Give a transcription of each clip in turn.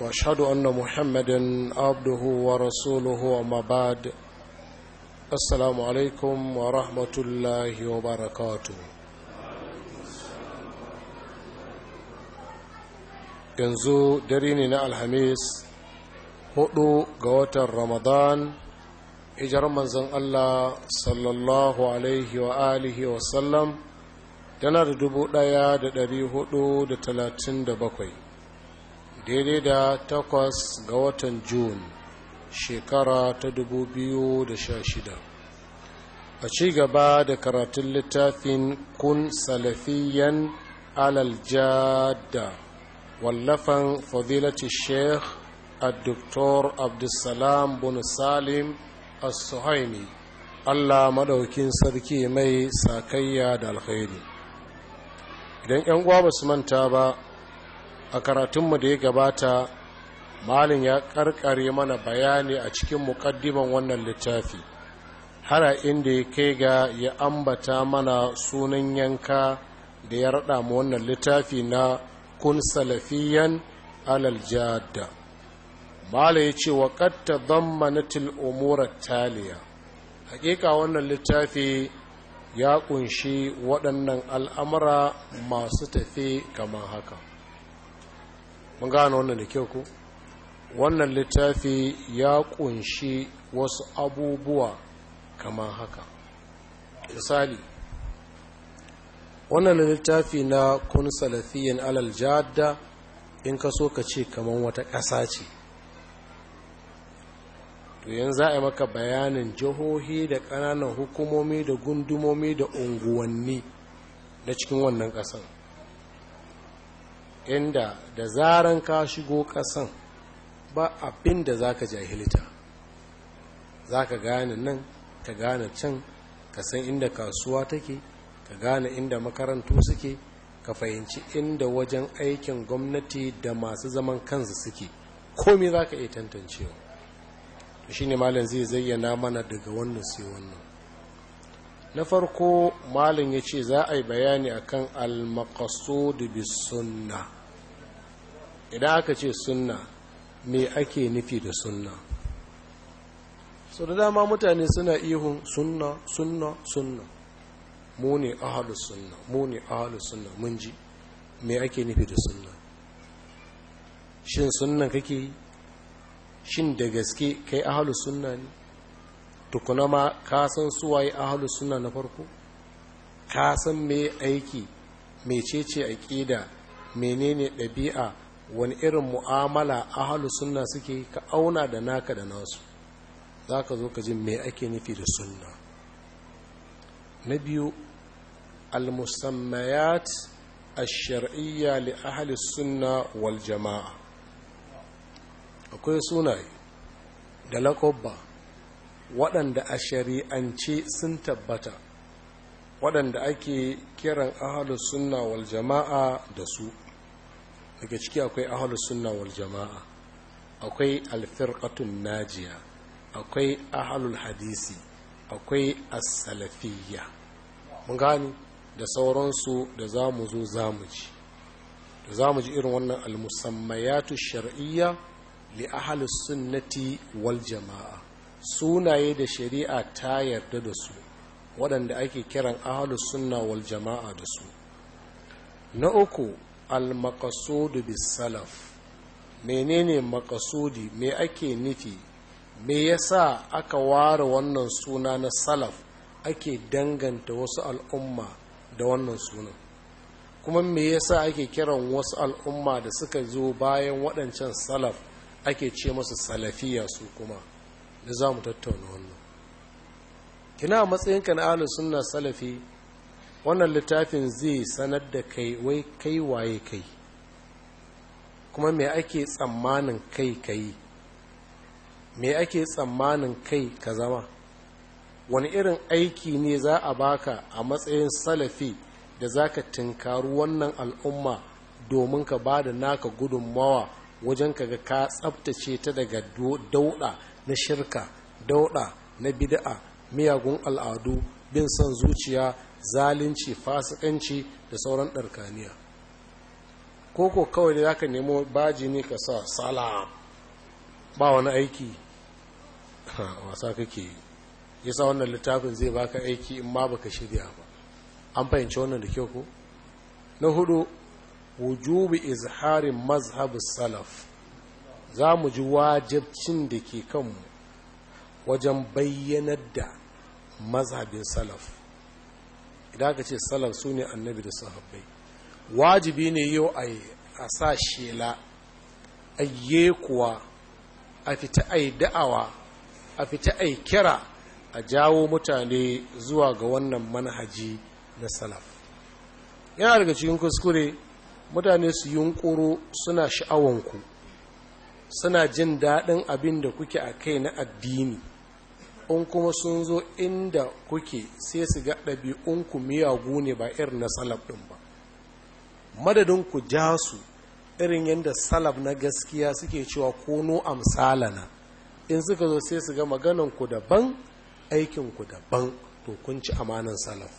واشهد ان محمدا عبده ورسوله وما بعد السلام عليكم ورحمه الله وبركاته yanzu dare ne na alhamis hudu ga watan ramadan ijar manzon allah sallallahu alaihi wa alihi wa sallam yana da dubu daya da dari hudu da talatin da bakwai daidai da takwas ga watan Jun shekara ta dubu biyu a ci gaba da karatun littafin kun salafiyan alal jada wallafan fadilati sheikh al-doktor abdulsalam bin Salim al-suhaimi Allah madaukin sarki mai sakayya da alkhairi idan 'yan uwa ba su manta ba a karatunmu da ya gabata malin ya karkare mana bayani a cikin mukaddiman wannan littafi har inda ya kai ga ya ambata mana sunan yanka da ya rada mu wannan littafi na kun salafiyan alal jadda mala ya ce wa katta zammanatil umurar taliya hakika wannan littafi ya kunshi waɗannan al'amura masu tafi kamar haka mun gano wannan da kyau ko wannan littafi ya kunshi wasu abubuwa kamar haka misali wannan littafi na kun salafiyin alal jadda in ka so ka ce kamar wata ƙasa ce to za a maka bayanin jihohi da ƙananan hukumomi da gundumomi da unguwanni na cikin wannan ƙasan. inda da zaran ka shigo kasan ba abin da za ka jahilita za ka gane nan ka gane can kasan inda kasuwa take ka gane inda makarantu suke ka fahimci inda wajen aikin gwamnati da masu zaman kansu suke komai za ka iya tantancewa shi ne malin zai zayyana mana daga wannan sai wannan na farko malin ya ce za a yi bayani akan kan maqasud bisunna idan aka ce sunna me ake nufi da sunna so da dama mutane suna ihun sunna sunna sunna mu ne ahalu sunna mu ne ahalu sunna mun ji me ake nufi da sunna shin sunna kake yi shin da gaske kai ahalu sunna ne tukuna ma ka san yi ahalu sunna na farko ka san me aiki mecece aqida menene ɗabi'a wani irin mu'amala ahalu sunna suke ka auna da naka da nasu za ka zo ka ji me ake nufi da sunna na biyu almusammayat a shariyya li ahli sunna wal jama'a akwai sunaye da lakobba waɗanda a shari'ance sun tabbata waɗanda ake kiran ahalus sunna wal jama'a da su daga ciki akwai ahalus sunna wal jama'a akwai alfirqatun najiya akwai ahalul hadisi akwai as-salafiyya mun gani da sauransu da zamu zo zamu ji da zamu ji irin wannan al-musammayatu shar'iyya li ahalus sunnati wal jama'a sunaye da shari'a ta yarda da su waɗanda ake kiran ahalus sunna wal jama'a da su na uku al-maqasudu bis salaf menene makasudi me ake nufi me yasa aka ware wannan suna na salaf ake danganta wasu al'umma da wannan suna kuma me yasa ake kiran wasu al'umma da suka zo bayan waɗancan salaf ake ce masu salafiya su kuma da za mu tattauna wannan kina matsayinka na ahlus sunna salafi wannan littafin zai sanar da kai wai kai waye kai kuma me ake tsammanin kai kai me ake tsammanin kai ka zama wani irin aiki ne za a baka a matsayin salafi da za ka tinkaru wannan al'umma domin ka ba da naka gudunmawa wajen kaga ka tsabtace ta daga dauɗa na shirka dauɗa na bid'a miyagun al'adu bin son zuciya zalunci fasikanci da sauran ɗarkaniya ko kawai da zaka nemo baji ne ka sa sala ba wani aiki wasa kake yi yasa wannan littafin zai baka aiki in ma baka shirya ba an fahimci wannan da kyau ko na hudu wujubi izharin mazhabu salaf za mu ji wajabcin da ke kanmu wajen bayyanar da mazhabin salaf idan aka ce salaf su ne annabi da sahabbai wajibi ne yau a sa shela a kuwa a fita a yi da'awa a fita a yi kira a jawo mutane zuwa ga wannan manhaji na salaf yana daga cikin kuskure mutane su yunkuro suna sha'awanku suna jin daɗin abin da kuke a kai na addini in kuma sun zo inda kuke sai su ga ku miyagu ne ba irin na salaf ɗin ba madadin ku ja su irin yadda salaf na gaskiya suke cewa ko kono amsalana in suka zo sai su ga maganan ku daban aikin ku daban to kun ci amanan salaf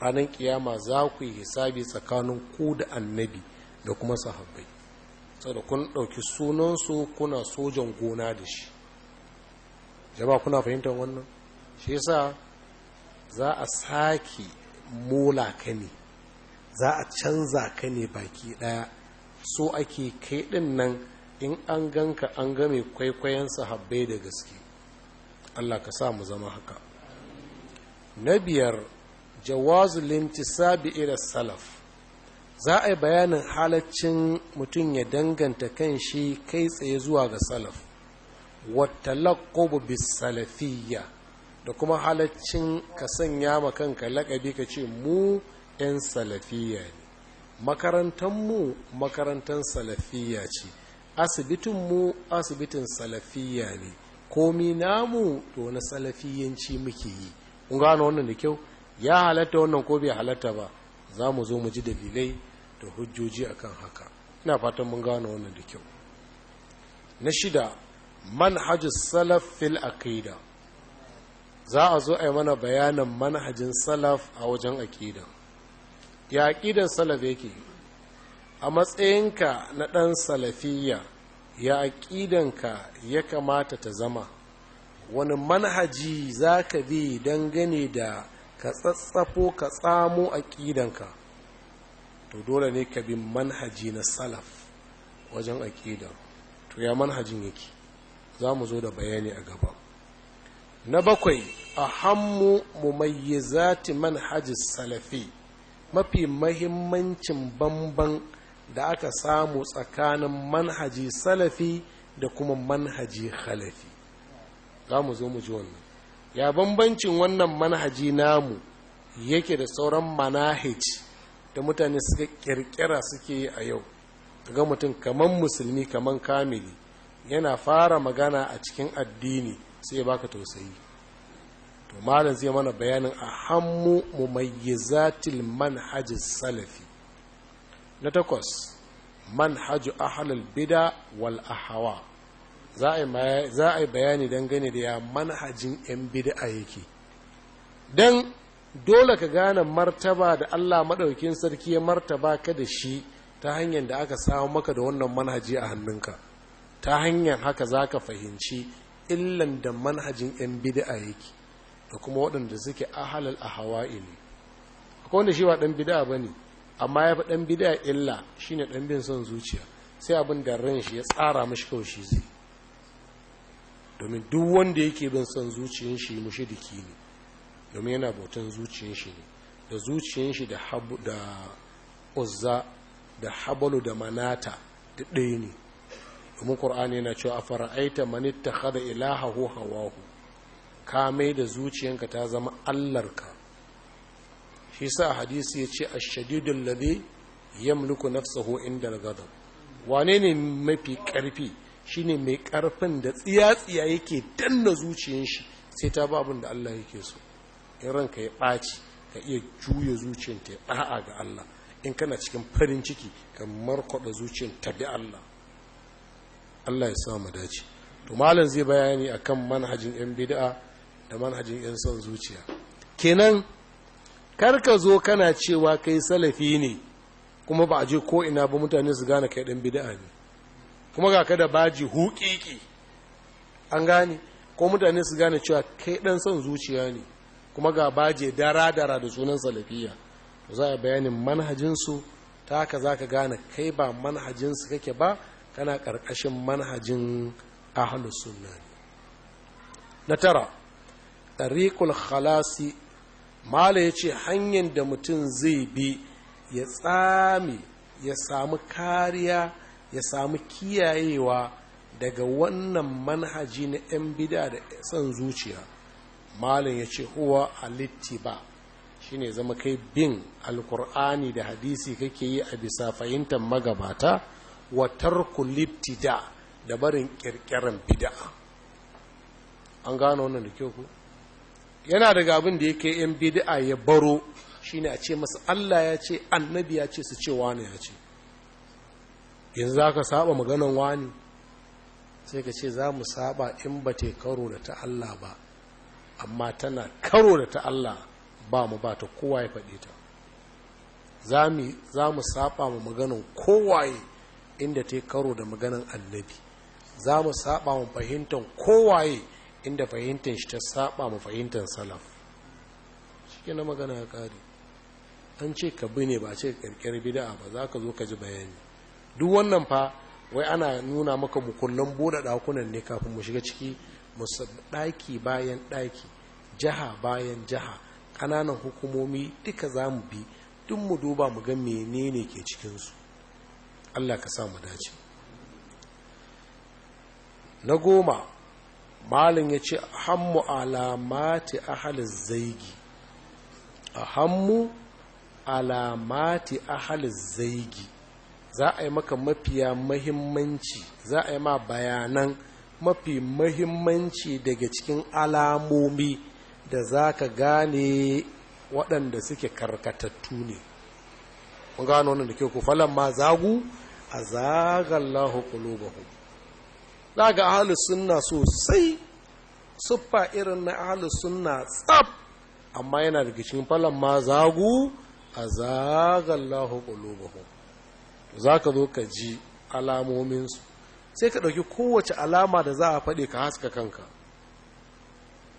ranar kiyama za ku yi hisabi tsakanin ku da annabi da kuma sahabbai saboda kun ɗauki sunansu kuna sojan gona da shi jama'a kuna fahimtar wannan shi yasa za a sake mola ka ne za a canza ka ne baki daya so ake kai din nan in an ganka an game kwaikwayon sahabbai da gaske Allah ka sa mu zama haka na biyar jawazu lintisabi ila salaf za a yi bayanin halaccin mutum ya danganta kan shi kai tsaye zuwa ga salaf watalaqqubu bisalafiyya da kuma halaccin ka sanya ma kanka lakabi ka ce mu 'yan salafiya ne makarantar mu makarantar salafiyya ce asibitin mu asibitin salafiya ne komi namu to na salafiyanci muke yi kun gano wannan da kyau ya halatta wannan ko bai halatta ba za mu zo mu ji dalilai da hujjoji akan haka ina fatan mun gano wannan da kyau na shida Manhajin salaf fil aqida za a zo a yi mana bayanin manhajin salaf a wajen aqida ya aqidan salaf yake a matsayinka na ɗan salafiyya ya aqidanka ya kamata ta zama wani manhaji za ka bi dangane da ka tsatsafo ka tsamo aqidanka to dole ne ka bi manhaji na salaf wajen aqida to ya manhajin yake za mu zo da bayani a gaba na bakwai a hammu mumayyizati manhajis salafi mafi mahimmancin bamban da aka samu tsakanin manhaji salafi da kuma manhaji khalafi za mu zo mu ji wannan ya bambancin wannan manhaji namu yake da sauran manahij da mutane suka kirkira suke yi a yau ga mutum kaman musulmi kaman kamili yana fara magana a cikin addini sai ya baka tausayi to malam zai mana bayanin a hammu mumayyizatil manhajis salafi na takwas manhaju ahlul bida wal ahawa za a yi bayani dangane da ya manhajin 'yan bid'a yake don dole ka gane martaba da allah maɗaukin sarki ya martaba ka da shi ta hanyar da aka samu maka da wannan manhaji a hannunka ta hanyar haka za ka fahimci illan da manhajin 'yan bid'a yake da kuma waɗanda suke ahalal a hawa'i ne akwai wanda shi ba ɗan bid'a ba ne amma ya fi ɗan bid'a illa shi ne ɗan bin son zuciya sai abin da ran shi ya tsara mashi kawai shi zai domin duk wanda yake bin son zuciyan shi mushidiki ne domin yana bautan zuciyan shi ne da zuciyan shi da uzza da habalu da manata da ɗaya ne domin ƙur'ani yana cewa a fara'aita manitta hada ilaha ho hawahu ka mai da zuciyanka ta zama allarka shi sa hadisi ya ce a shadidun labe yamluku nafsahu inda gadab wane ne mafi ƙarfi shine mai ƙarfin da tsiyatsiya yake danna zuciyan shi sai ta ba abin da Allah yake so in ranka ya ɓaci ka iya juya ta ya ɗa'a ga Allah in kana cikin farin ciki ka markwaɗa zuciyar ta bi Allah Allah ya samu dace to malam zai bayani akan manhajin yan bid'a da manhajin yan son zuciya kenan ka zo kana cewa kai salafi ne kuma ba a je ko ina ba mutane su gane kai dan bid'a ne kuma ga kada baji hukiki an gane ko mutane su gane cewa kai dan son zuciya ne kuma ga baje dara dara da sunan salafiya za a bayanin manhajinsu ta haka za ka gane kai ba manhajinsu kake ba kana ƙarƙashin manhajin ahlus sunna na tara tariqul khalasi mala yace ce hanyar da mutum zai bi ya tsami, ya samu kariya ya samu kiyayewa daga wannan manhaji na 'yan bida da son zuciya malin ya ce huwa alittiba shine zama kai bin alkur'ani da hadisi kake yi a bisa fahimtar magabata wa kulifti libtida da barin kirkiran bid'a an gano wannan da kyau ku yana daga abin da yake yan bid'a ya baro shine a ce masa Allah ya ce annabi ya ce su ce wani ya ce yanzu zaka saba maganan wani sai ka ce za mu saba in ba te karo da ta Allah ba amma tana karo da ta Allah ba mu ba ta kowa ya faɗe ta za mu saba ma maganan kowaye inda ta karo da maganan annabi za mu saba mu fahimtar kowaye inda fahimtar shi ta saba mu fahimtar salaf shi na magana ya kare an ce ka bi ne ba ce kirkiri bid'a ba za ka zo ka ji bayani duk wannan fa wai ana nuna maka mukullan buɗe ɗakunan ne kafin mu shiga ciki ɗaki bayan ɗaki jiha bayan jiha ƙananan hukumomi duka za mu bi duk mu duba mu ga menene ke cikinsu Allah ka samu dace na goma malin ya ce hammu alamati ahalin zaigi a hammu alamati ahalin zaigi za a yi maka mafiya mahimmanci za a yi ma bayanan mafi mahimmanci daga cikin alamomi da za ka gane waɗanda suke karkatattu ne kun gano wannan da ke ku falon ma zagu a zagallahu qulubahum za ga ahalus sunna sosai siffa irin na ahalus sunna tsab amma yana da gishin falon ma zagu a zagallahu qulubahum za ka zo ka ji alamominsu sai ka ɗauki kowace alama da za a faɗi ka haska kanka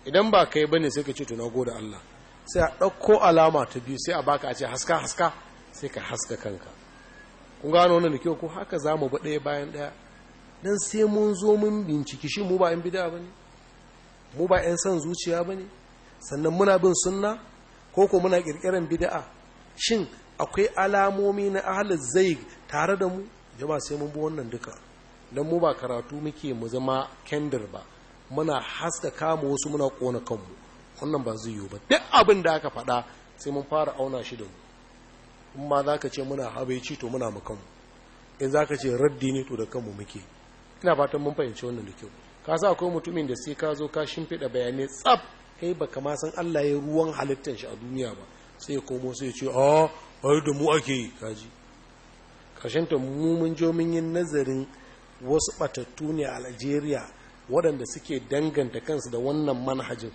idan ba kai bane sai ka ce tuna goda Allah sai a ɗauko alama ta biyu sai a baka a ce haska haska sai ka haska kanka kun gano wannan da kyau ko haka za mu ɗaya bayan ɗaya don sai mun zo mun binciki shi mu ba yan bida ba ne mu ba yan son zuciya ba ne sannan muna bin sunna ko ko muna ƙirƙirar bida'a shin akwai alamomi na ahalar zai tare da mu jama sai mun bi wannan duka don mu ba karatu muke mu zama kendir ba muna haska kama wasu muna ƙona kanmu wannan ba zai yiwu ba duk abin da aka faɗa sai mun fara auna shi da mu in ma za ka ce muna habaici to muna makamu in za ka ce raddi ne to da kanmu muke ina fatan mun fahimci wannan da kyau ka sa akwai mutumin da sai ka zo ka shimfiɗa bayanai tsaf kai ba kama san Allah ya ruwan halittar shi a duniya ba sai ya komo sai ya ce a ah, ai da mu ake yi kaji karshenta mu mun jo mun yi nazarin wasu batattu ne a Algeria waɗanda suke danganta kansu da wannan manhajin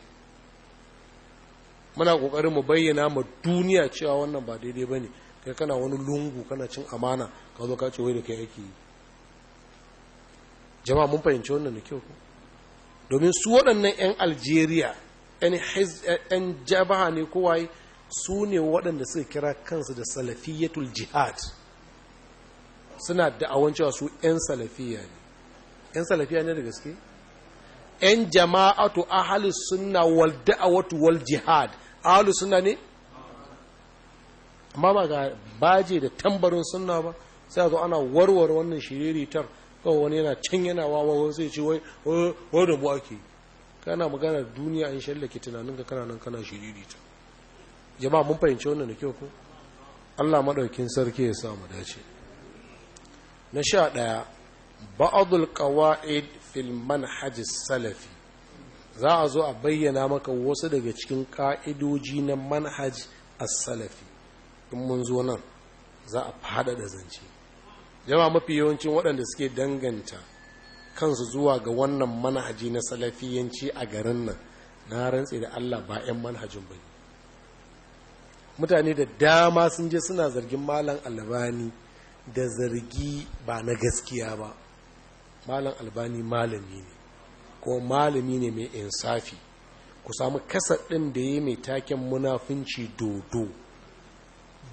muna ƙoƙarin mu bayyana ma duniya cewa wannan ba daidai ba ne kai kana wani lungu kana cin amana ka zo ka ce wai da kai aiki yi jama'a mun fahimci wannan da kyau domin su waɗannan 'yan algeria 'yan jabaha ne kowai su ne waɗanda suka kira kansu da salafiyatul jihad suna da'awan cewa su 'yan salafiya ne 'yan salafiya ne da gaske 'yan jama'atu ahalus suna wal da'awatu wal jihad ahalus suna ne amma ba ga baje da tambarin sunna ba sai zo ana warware wannan shiriritar kawai wani yana can yana wawa sai ce wai wai da mu ake kana magana duniya in ke tunanin ka kana nan kana shiririta jama'a mun fahimci wannan da kyau ko Allah madaukin sarki ya samu dace na sha ɗaya ba'adul qawaid fil manhaj salafi za a zo a bayyana maka wasu daga cikin ka'idoji na manhaj as-salafi in mun zo nan za a faɗaɗa zance yawa mafi yawancin waɗanda suke danganta kansu zuwa ga wannan manhaji na salafiyanci a garin nan na rantse da Allah ba 'yan manhajin ba mutane da dama sun je suna zargin malam albani da zargi ba na gaskiya ba malam albani malami ne ko malami ne mai insafi ku samu kasa ɗin da ya mai taken munafunci dodo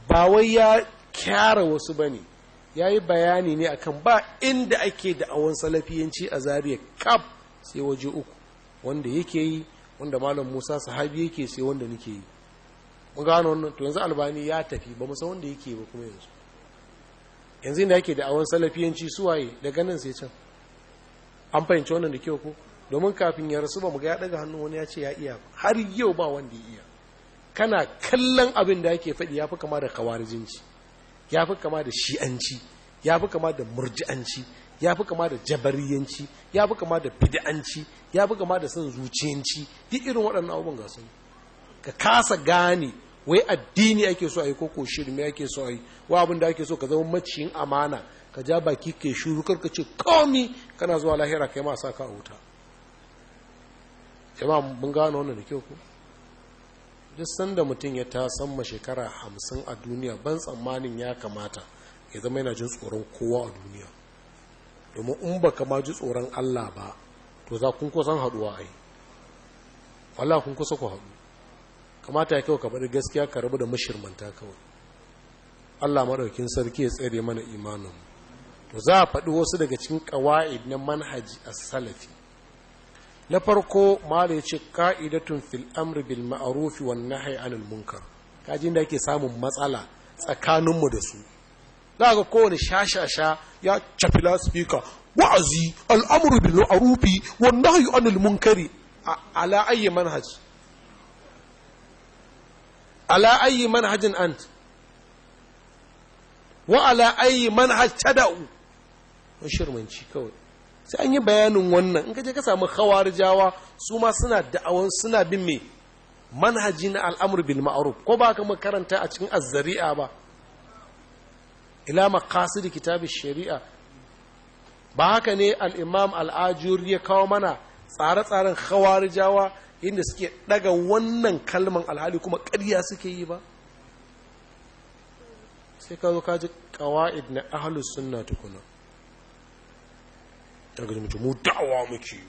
ba wai ya kyara wasu ba ne ya yi bayani ne akan ba inda ake da'awan salafiyanci a zariya kaf sai waje uku wanda yake yi wanda malam musa sahabi yake sai wanda nake yi mun gano wannan to yanzu albani ya tafi ba musa wanda yake ba kuma yanzu yanzu da yake da'awan salafiyanci waye, daga nan sai can an fahimci wannan da kyau ko domin kafin ya rasu ba mu ga ya daga hannu wani ya ce ya iya har yau ba wanda ya iya kana kallon abin da yake faɗi ya fi kama da kawarijinci ya fi kama da shi'anci ya fi kama da murji'anci ya fi kama da jabariyanci ya fi kama da bid'anci ya fi kama da son zuciyanci duk irin waɗannan abubuwan ga ka kasa gane wai addini ake so a yi koko shirme ake so a yi wa abin da ake so ka zama maciyin amana ka ja baki ke shuru karka ce komi kana zuwa lahira kai ma sa ka a wuta jama'a mun gano wannan da kyau ko duk sanda mutum ya ta samma shekara hamsin a duniya ban tsammanin ya kamata ya zama yana jin tsoron kowa a duniya domin in ba kama ji tsoron allah ba to za kun kusan haduwa a yi wala kun kusa ku haɗu kamata ya kawo ka bari gaskiya ka rabu da mashirmanta kawai allah maɗaukin sarki ya tsere mana imanin to za a faɗi wasu daga cikin ƙawa'id na manhaji a salafi na farko mala ya ce ka'idatun fil amri bil ma'arufi wan nahyi anil munkar kajin da ake samun matsala tsakaninmu da su za ga kowane shashasha ya cafi laspika wa'azi al'amru bil ma'arufi wan nahyi anil munkari ala ayyi manhaj ala ayyi manhajin ant wa ala ayyi manhaj tada'u shirmanci kawai sai an yi bayanin wannan in ka je ka samu khawarijawa su ma suna da'awan suna bin me manhaji na al'amur bil ma'ruf ko ba ka makaranta a cikin azzari'a ba ila maqasid kitab shari'a ba haka ne al-imam al-ajur ya kawo mana tsare-tsaren khawarijawa inda suke daga wannan kalman alhali kuma ƙarya suke yi ba sai ka zo ka ji qawaid na ahlus sunna tukuna ta gaji mutu mu da'awa muke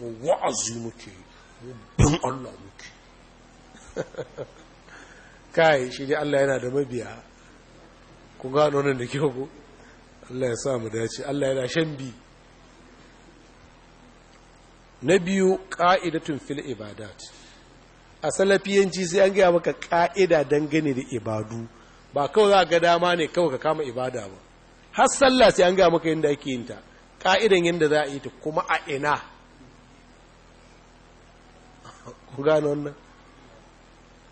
mu wa'azi muke mu bin Allah muke kai shi dai Allah yana da mabiya ku gano nan da kyau ko Allah ya sa mu dace Allah yana shan bi na biyu ka'idatun fil ibadat a salafiyanci sai an gaya maka ka'ida dangane da ibadu ba kawai za ga dama ne kawai ka kama ibada ba har sallah sai an gaya maka yadda ake yin ta ka'idan yadda za a yi ta kuma a ina ku gano wannan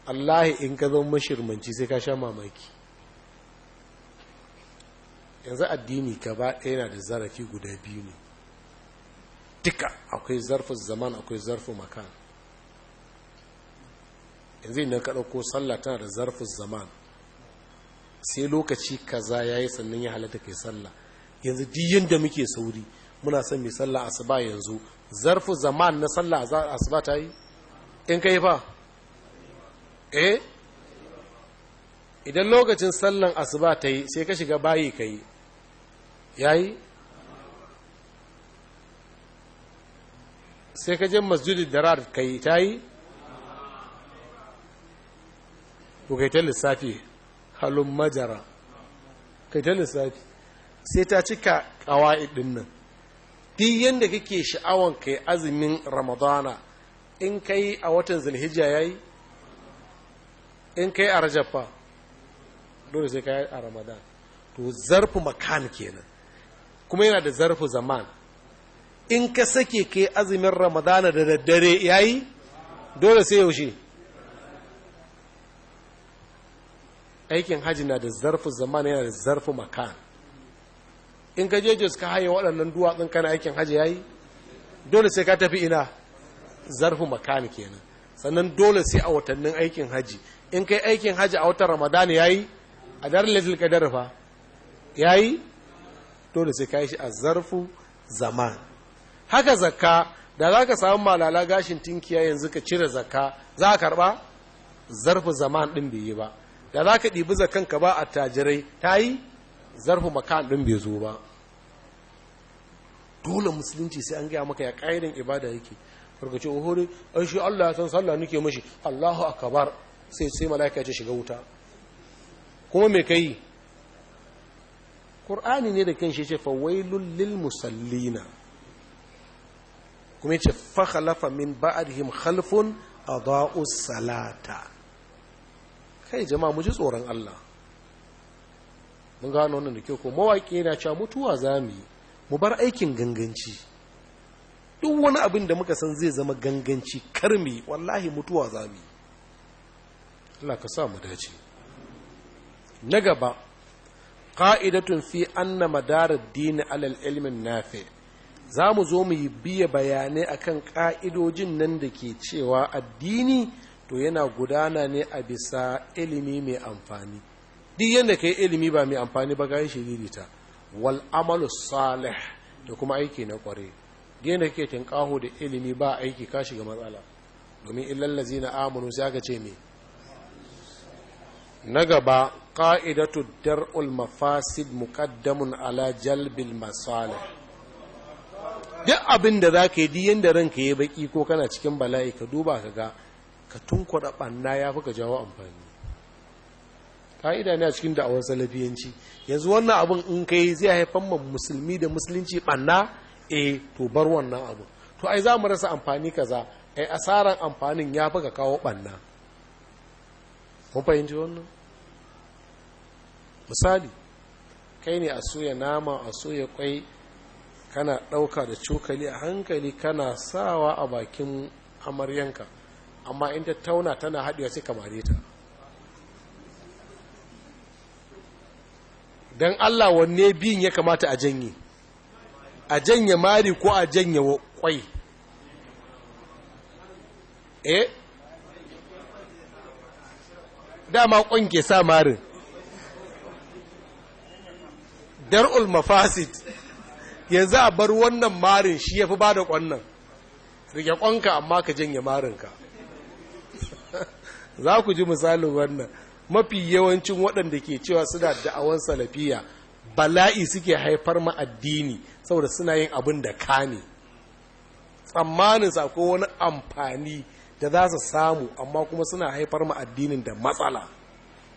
allahi in ka zama mashirmanci sai ka sha mamaki yanzu addini gaba ɗaya na da zarafi guda biyu ne duka akwai zarfin zaman akwai zarfin makan yanzu idan ka ɗauko sallah tana da zarfin zaman sai lokaci kaza ya yi sannan ya halatta kai sallah yanzu diyin da muke sauri muna son mai sallah asuba yanzu zarfu zaman na sallah asuba ta yi in kai fa eh idan lokacin sallan asuba ta yi sai ka shiga bayi ka yi yayi sai ka je masjidin darar ka yi ta yi ko kai ta lissafi halin majara kai ta lissafi sai ta cika ƙawa'id ɗin nan duk yadda kake sha'awan kai azumin ramadana in kai a watan zulhijja ya yi in kai a rajabba dole sai kai a ramadan to zarfi makan kenan kuma yana da zarfi zaman in ka sake kai azumin ramadana da daddare ya yi dole sai yaushe aikin hajji na da zarfi zaman yana da zarfi makan in ka je jos ka haye waɗannan duwatsun kana aikin hajji yayi dole sai ka tafi ina zarfu makani kenan sannan dole sai a watannin aikin hajji in kai aikin hajji a watan ramadan yayi a dar ka qadar fa yayi dole sai ka yi shi a zarfu zaman haka zakka da za ka samu malala gashin tinkiya yanzu ka cire zakka za a karba zarfu zaman ɗin bai yi ba da za ka ɗibi zakan ka ba a tajirai ta yi zarfi maka ɗin bai zo ba dole musulunci sai an gaya maka ya ƙa'idan ibada yake farko ohori an shi Allah ya san sallah nake mashi Allahu akbar sai sai malaika ce shiga wuta kuma me kai Qur'ani ne da kanshi ce fawailun lil musallina kuma yace fa min ba'dihim khalfun adaa'us salata kai jama mu ji tsoron Allah mun gano wannan da kyau ko mawaƙi yana cewa mutuwa za mu yi mu bar aikin ganganci duk wani abin da muka san zai zama ganganci kar mu wallahi mutuwa za mu yi Allah ka sa mu dace na gaba qa'idatun fi anna madar ad-din 'ala al-ilm nafi za mu zo mu yi biya bayanai akan ƙa'idojin nan da ke cewa addini to yana gudana ne a bisa ilimi mai amfani duk yadda ka yi ilimi ba mai amfani ba gayan shi ta wal amalu salih da kuma aiki na kware duk yadda kake tinkaho da ilimi ba aiki ka shiga matsala domin illallah na amanu sai aka ce me na gaba ka'idatu dar'ul mafasid muqaddamun ala jalbil masali duk abin da za ka yi yadda ranka ya baki ko kana cikin bala'i ka duba ka ga ka tunkuɗa ɓanna ya fi ka jawo amfani ka'ida ne a cikin da'awar salafiyanci yanzu wannan abin in kai zai haifar ma musulmi da musulunci banna eh to bar wannan abin to ai za mu rasa amfani kaza ai asaran amfanin ya fi ka kawo banna mun fahimci wannan misali kai ne a soya nama a soya kwai kana ɗauka da cokali a hankali kana sawa a bakin amaryanka amma in ta tauna tana haɗewa sai kamare ta don Allah wanne biyun ya kamata a janye a janye mari ko a janye kwai eh dama kwan ke sa marin dar'ul mafasid yanzu a bar wannan marin shi ya fi ba da kwannan rike kwanka amma ka janye marinka za ku ji misalin wannan mafi yawancin waɗanda ke cewa suna da'awan salafiya bala'i suke haifar ma addini saboda suna yin abin da ka ne tsammanin sako wani amfani da za su samu amma kuma suna haifar ma addinin da matsala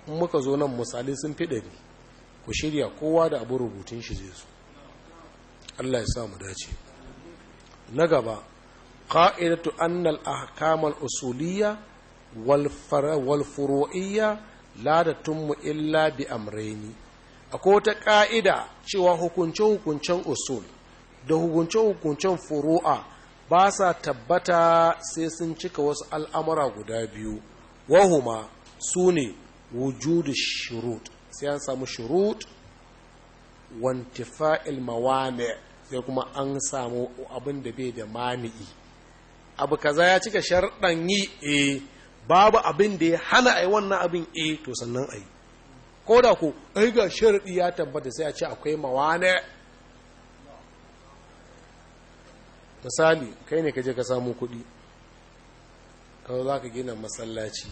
in muka zo nan misali sun fi ɗari ku shirya kowa da abin rubutun shi zai su Allah ya samu dace na gaba ƙa'idatu annal ahkamal usuliyya wal furu'iyya la da tunmu illa bi amraini akwai wata ƙa'ida cewa hukunce-hukuncen usul da hukunce-hukuncen furu'a ba sa tabbata sai sun cika wasu al'amura guda biyu wahuma su ne wujudu shirut sai an samu shirut wantifa'il mawane sai kuma an samu abin da bai da mani'i abu kaza ya cika sharɗan yi eh babu abin da ya hana a yi wannan abin e to sannan a yi ko da ku ai ga sharaɗi ya tabbata sai a ce akwai mawane misali kai ne ka je ka samu kuɗi kawo za ka gina masallaci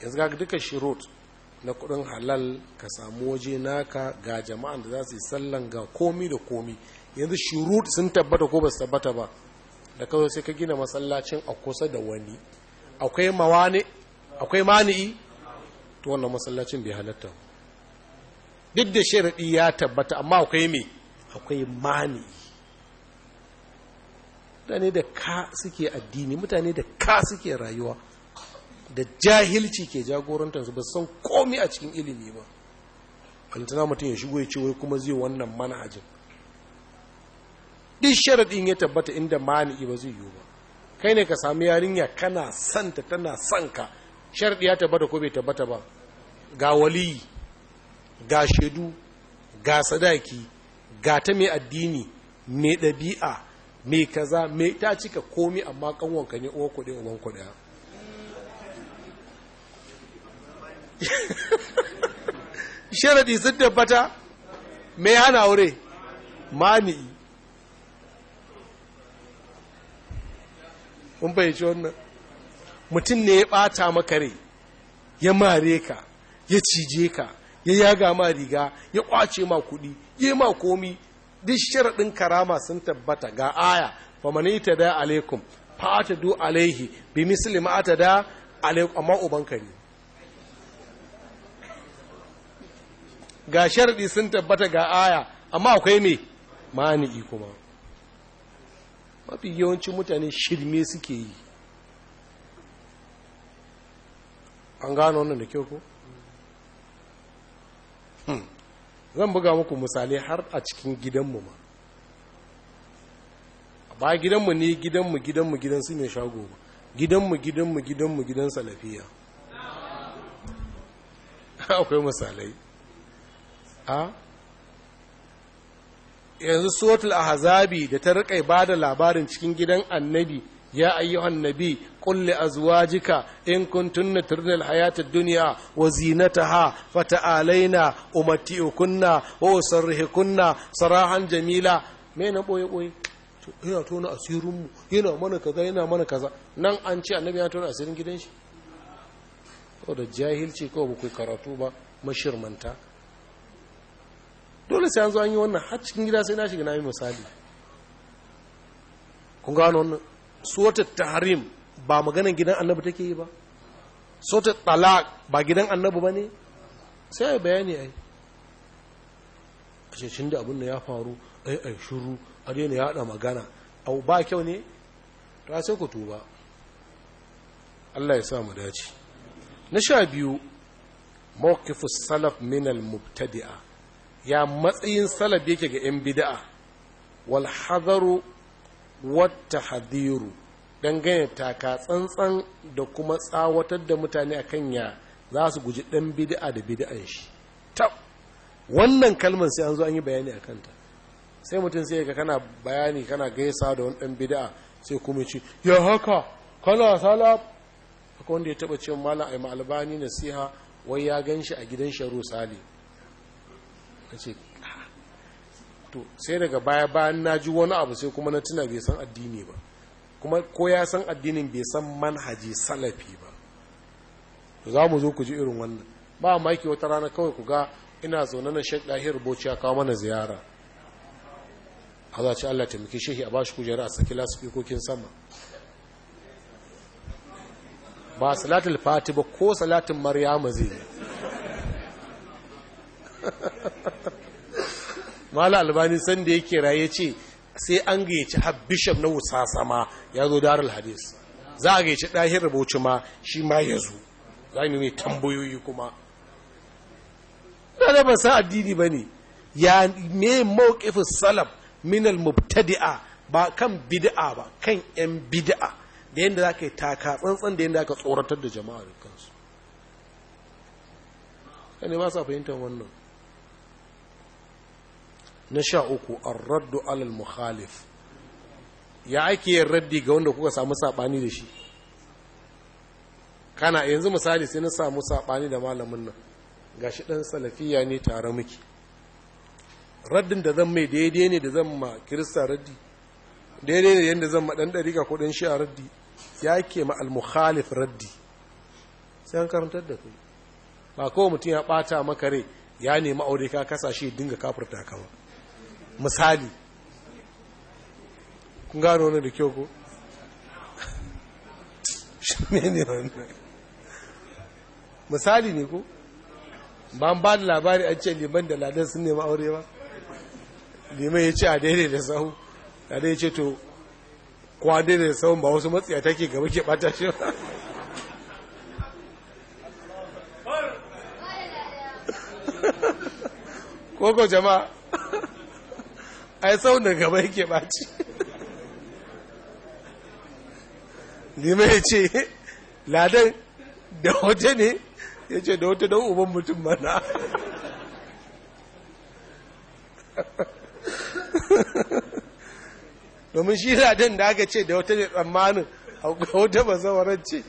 yanzu ga duka shirot na kuɗin halal ka samu waje naka ga jama'an da za su yi sallan ga komi da komi yanzu shirot sun tabbata ko ba su tabbata ba da kawo sai ka gina masallacin a kusa da wani akwai mawani akwai mani'i to wannan masallacin bai halatta duk da sharaɗi ya tabbata amma akwai me akwai mani'i mutane da ka suke addini mutane da ka suke rayuwa da jahilci ke jagorantarsu ba san komi a cikin ilimi ba balantana mutum ya shigo ya ce wai kuma zai wannan manhajin duk sharaɗin ya tabbata inda mani'i ba zai yiwu ba kai ne ka sami yarinya kana santa tana sanka sharɗi ya tabbata ko bai tabbata ba ga wali, ga shaidu ga sadaki ga ta mai addini mai ɗabi'a mai kaza mai ta cika komi amma ka ne uwa kuɗi uban kuɗi sharaɗi sun tabbata mai hana wure mani'i kun fahimci wannan mutum ne ya ɓata maka rai ya mare ka ya cije ka ya yaga ma riga ya kwace ma kuɗi ya ma komi duk sharaɗin karama sun tabbata ga aya fa manita da alaikum fa ta du alaihi bi misli ma da alaikum amma uban ka ne ga sharaɗi sun tabbata ga aya amma akwai me 'Mani'i kuma mafi yawancin mutane shirme suke yi an gano wannan da kyau ko? Hmm. zan buga muku misali har a cikin gidanmu ma ba gidanmu ne gidanmu gidanmu gidan su ne shago ba gidanmu gidanmu gidanmu gidan salafiya akwai misalai a ah? yanzu suratul ahzabi da ta rika da labarin cikin gidan annabi ya ayyuhan nabi qul li azwajika in kuntunna turidna alhayata ad-dunya wa zinataha fata'alaina umatti'ukunna wa usarrihukunna sarahan jamila me na boye boye yana tona asirinmu yana mana kaza yana mana kaza nan an ce annabi ya tona asirin gidan shi Ko da jahilci kawai ba ku karatu ba mashirmanta dole sai an zo an yi wannan har cikin gida sai na shiga na yi misali kun gano wannan sota tahrim ba maganan gidan annabi take yi ba sota talaq ba gidan annabi ba ne sai ai bayani ai A shin da abin da ya faru a yi shuru a daina ya haɗa magana abu ba kyau ne to sai ku tuba Allah ya sa mu dace na sha biyu mawqifus salaf min al-mubtadi'a ya matsayin salab yake ga 'yan bida'a wal hadaru wata hadiru dangane taka tsantsan da kuma tsawatar da mutane a kan ya za su guji ɗan bida'a da bida'an shi ta wannan kalmar sai an zo an yi bayani a kanta sai mutum sai ga kana bayani kana gaisa da wani dan bida'a sai kuma ce ya haka kana salaf akwai wanda ya taɓa ce malam ma'albani na nasiha wai ya gan shi a gidan sharu sali na to sai daga baya bayan na ji wani abu sai kuma na tuna bai san addini ba kuma ko ya san addinin bai san manhaji salafi ba to za mu zo ku ji irin wannan ba maki wata rana kawai ku ga ina zaune na shek ɗahir bauchi ya kawo mana ziyara a za ci allah taimaki shehi a bashi kujera a saki lasifikokin sama ba salatul fati ba ko salatin maryama zai mala albani san da yake raye ce sai an gayyaci har bishop na wusasa ma ya zo darul hadis za a gayyaci ɗahin rubuci ma shi ma ya zo za mu mai tambayoyi kuma da ba san addini ba ne ya me mawqifus salaf min mubtadi'a ba kan bid'a ba kan yan bid'a da yadda za ka yi taka tsantsan da yadda ka tsoratar da jama'a da kansu ne ba sa fahimtar wannan na sha uku an raddu alal muhalif ya ake yin raddi ga wanda kuka samu saɓani da shi kana yanzu misali sai na samu saɓani da malamin nan gashi dan ɗan salafiya ne tare muke raddin da zan mai daidai ne da zan ma kirista raddi daidai ne yadda zan ma ɗan ɗariƙa ko ɗan shi'a raddi ya ke ma al-mukhalif raddi sai an karantar da kai ba kawai mutum ya ɓata maka rai ya nemi aure ka kasa shi dinga kafurta ka ba misali kun gano wani da kyau ko ne wani misali ne ko ba ba da labari an ce liman da ladan sun nemi aure ba liman ya ce a daidai da sahu ladan ya ce to kuwa daidai da sahun ba wasu matsiya take gaba ke bata shi ba ko jama'a ai sau da gaba yake baci nima ya ce ladan da wata ne ya ce da wata don uban mutum mana domin shi ladan da aka ce da wata ne tsammanin a wata bazawarar ce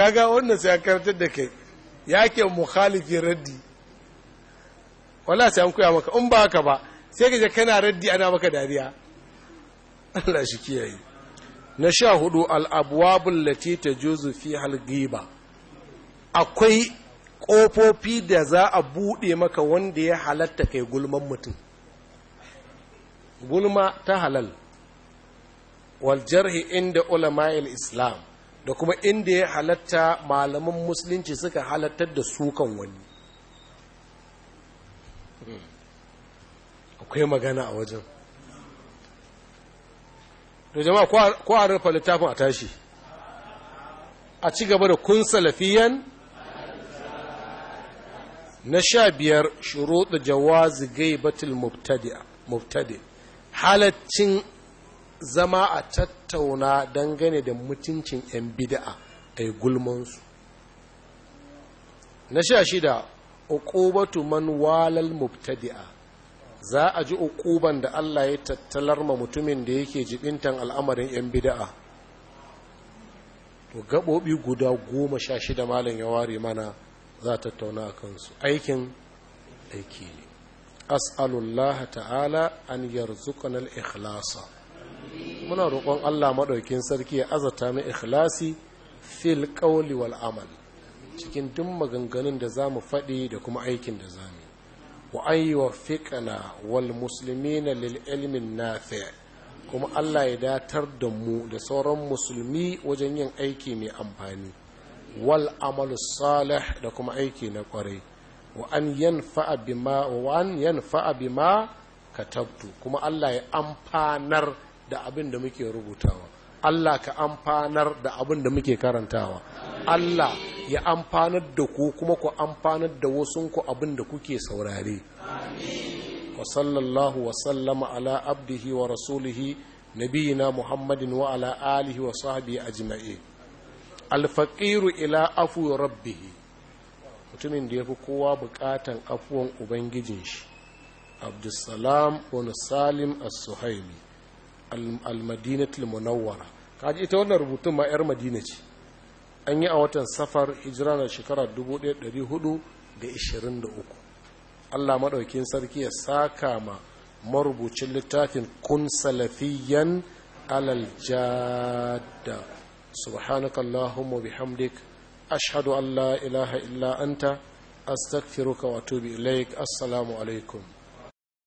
kaga wannan sai an karantar da kai ya mukhalifi raddi wala sai an koya maka in ba haka ba sai ka kana raddi ana maka dariya Allah shi kiyaye na sha hudu al'abuwabun lati ta juzu fi halgiba akwai ƙofofi da za a buɗe maka wanda ya halatta kai gulman mutum gulma ta halal waljarhi inda ulama'il islam da kuma inda ya halatta malaman musulunci suka halattar da sukan wani hmm. akwai magana a wajen da jama'a ko a rufa littafin a tashi a ci gaba da kun salafiyan na sha biyar da jawazi gaibatul mubtadi halaccin zama a tattauna dangane da mutuncin 'yan bida'a a yi gulmansu na sha shida uqubatu man walal mubtadi'a za a ji uquban da Allah ya tattalar ma mutumin da yake jibintan al'amarin 'yan bida'a to gaɓoɓi guda goma sha shida malam ya ware mana za a tattauna a kansu aikin aiki ne as'alullah ta'ala an yarzuqana al-ikhlasa muna roƙon Allah maɗaukin sarki ya azata mu ikhlasi fil qawli wal amal cikin duk maganganun da zamu faɗi da kuma aikin da zamu wa an yuwaffiqana wal muslimina lil ilmin nafi' kuma Allah ya datar da mu da sauran musulmi wajen yin aiki mai amfani wal amalu salih da kuma aiki na kwarai wa an yanfa'a bima ka an kuma Allah ya amfanar da abin da muke rubutawa Allah ka amfanar da abin da muke karantawa Allah ya amfanar da ku kuma ku amfanar da wasunku abin da kuke saurare wa sallallahu wa sallama ala abdihi wa rasulihi nabiyina muhammadin wa ala alihi wa sahbihi ajma'i alfaqiru ila afu rabbihi mutumin da yafi kowa bukatan afuwan ubangijin shi abdussalam bin salim as-suhaimi al-madinatul munawwara kaji ita wannan rubutun ma yar madina ce an yi a watan safar hijira na shekara 1423 Allah madaukin sarki ya saka ma marubucin littafin kun salafiyan alal jadda subhanakallahumma bihamdik ashhadu an la ilaha illa anta astaghfiruka wa atubu ilaik assalamu alaikum